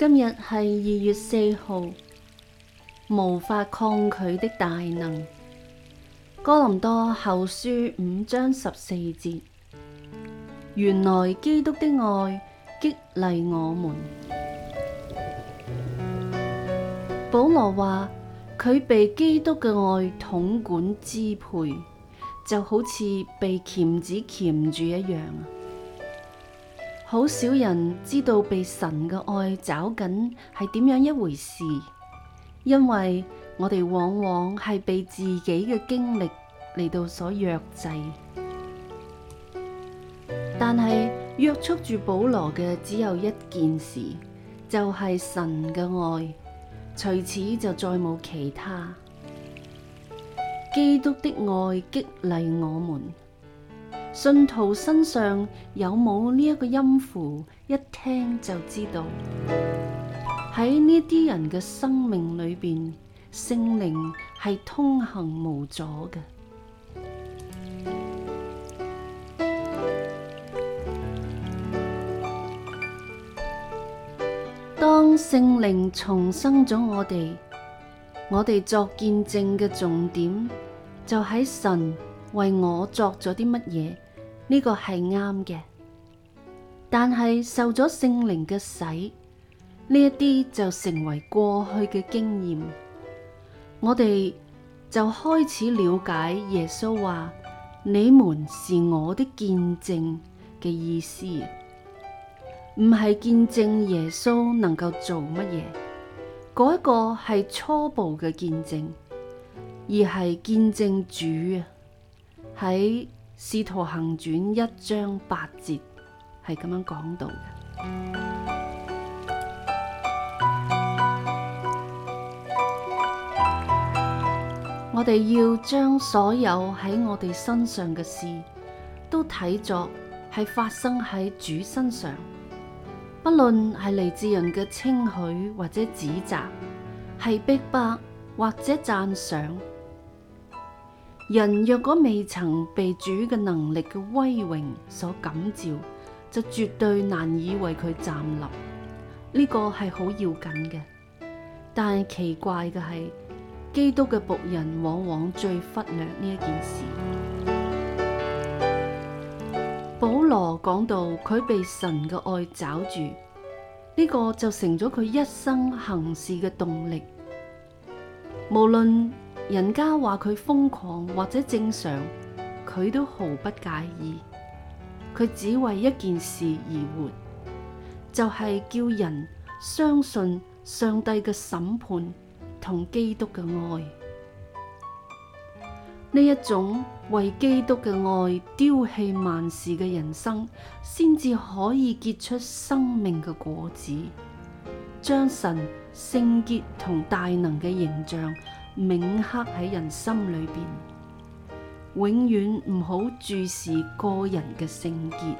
今日係二月四號，無法抗拒的大能。哥林多後書五章十四節，原來基督的愛激勵我們。保羅話佢被基督嘅愛統管支配，就好似被鉗子鉗住一樣。好少人知道被神嘅愛找緊係點樣一回事，因為我哋往往係被自己嘅經歷嚟到所約制。但係約束住保羅嘅只有一件事，就係、是、神嘅愛，除此就再冇其他。基督的愛激勵我們。信徒身上有冇呢一個音符？一聽就知道，喺呢啲人嘅生命裏邊，聖靈係通行無阻嘅。當聖靈重生咗我哋，我哋作見證嘅重點就喺神。為我作咗啲乜嘢？呢個係啱嘅，但係受咗聖靈嘅洗，呢一啲就成為過去嘅經驗。我哋就開始了解耶穌話：你們是我的見證嘅意思，唔係見證耶穌能夠做乜嘢。嗰一個係初步嘅見證，而係見證主啊。喺《使徒行傳》一章八節係咁樣講到嘅， 我哋要將所有喺我哋身上嘅事，都睇作係發生喺主身上，不論係嚟自人嘅稱許或者指責，係逼迫或者讚賞。人若果未曾被主嘅能力嘅威榮所感召，就絕對難以為佢站立。呢個係好要緊嘅，但係奇怪嘅係，基督嘅僕人往往最忽略呢一件事。保羅講到佢被神嘅愛抓住，呢個就成咗佢一生行事嘅動力，無論。人家話佢瘋狂或者正常，佢都毫不介意。佢只為一件事而活，就係叫人相信上帝嘅審判同基督嘅愛。呢一種為基督嘅愛丟棄萬事嘅人生，先至可以結出生命嘅果子，將神聖潔同大能嘅形象銘刻喺人心裏邊，永遠唔好注視個人嘅聖潔。